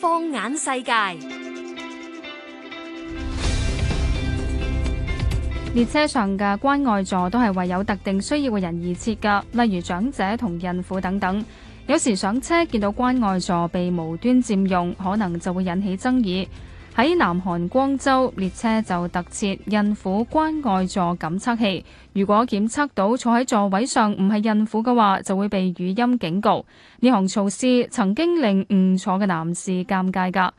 放眼世界，列車上嘅關愛座都係為有特定需要嘅人而設噶，例如長者同孕婦等等。有時上車見到關愛座被無端佔用，可能就會引起爭議。喺南韓光州，列車就特設孕婦關愛座感測器，如果檢測到坐喺座位上唔係孕婦嘅話，就會被語音警告。呢項措施曾經令誤坐嘅男士尷尬㗎。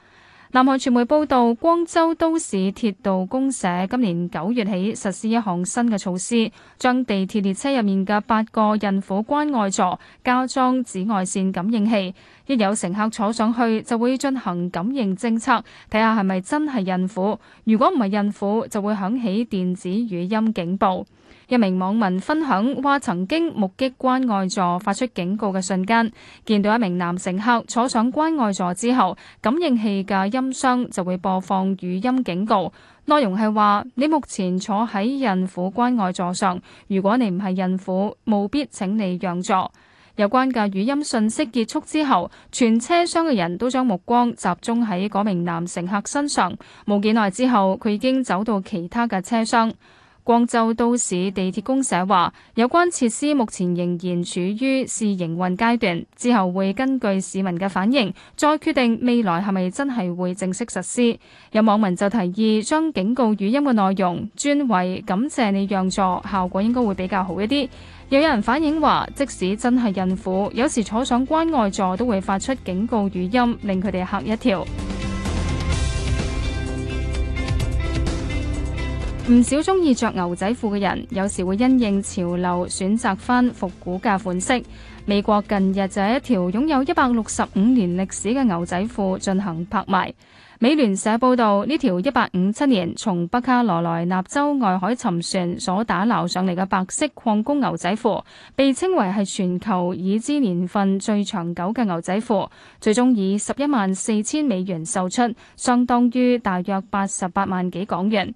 南韓傳媒報道，光州都市鐵道公社今年九月起實施一項新嘅措施，將地鐵列車入面嘅八個孕婦關愛座加裝紫外線感應器，一有乘客坐上去，就會進行感應偵測，睇下係咪真係孕婦，如果唔係孕婦，就會響起電子語音警報。一名網民分享,話曾經目擊關愛座發出警告嘅瞬間。見到一名男乘客坐上關愛座之後,感應器嘅音聲就會播放語音警告。內容係話,你目前坐喺孕婦關愛座上,如果你唔係孕婦,務必請你讓座。有關嘅語音信息結束之後,全車廂嘅人都將目光集中喺嗰名男乘客身上,冇幾耐之後,佢已經走到其他嘅車廂。廣州都市地鐵公社話，有關設施目前仍然處於試營運階段，之後會根據市民嘅反應，再決定未來係咪真係會正式實施。有網民就提議將警告語音嘅內容轉為感謝你讓座，效果應該會比較好一啲。有，有人反映話，即使真係孕婦，有時坐上關外座都會發出警告語音，令佢哋嚇一跳。唔少中意着牛仔褲嘅人，有時會因應潮流選擇翻復古嘅款式。美國近日就有一條擁有一百六十五年歷史嘅牛仔褲進行拍賣。美聯社報道，呢條一八五七年從北卡羅來納州外海沉船所打撈上嚟嘅白色礦工牛仔褲，被稱為係全球已知年份最長久嘅牛仔褲，最終以十一萬四千美元售出，相當於大約八十八萬幾港元。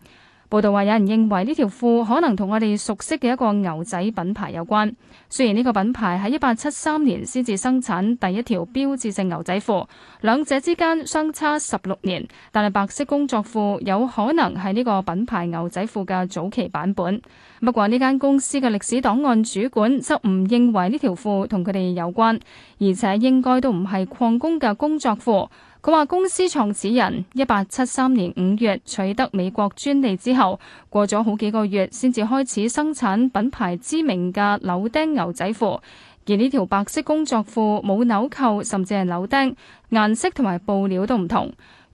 報道話，有人認為呢條褲可能同我哋熟悉嘅一個牛仔品牌有關。雖然呢個品牌喺一八七三年先至生產第一條標誌性牛仔褲，兩者之間相差十六年，但係白色工作褲有可能係呢個品牌牛仔褲嘅早期版本。不過呢間公司嘅歷史檔案主管則唔認為呢條褲同佢哋有關，而且應該都唔係礦工嘅工作褲。佢話：公司創始人一八七三年五月取得美國專利之後，過咗好幾個月先至開始生產品牌知名嘅柳釘牛仔褲，而呢條白色工作褲冇紐扣，甚至係柳釘，顏色同埋布料都唔同。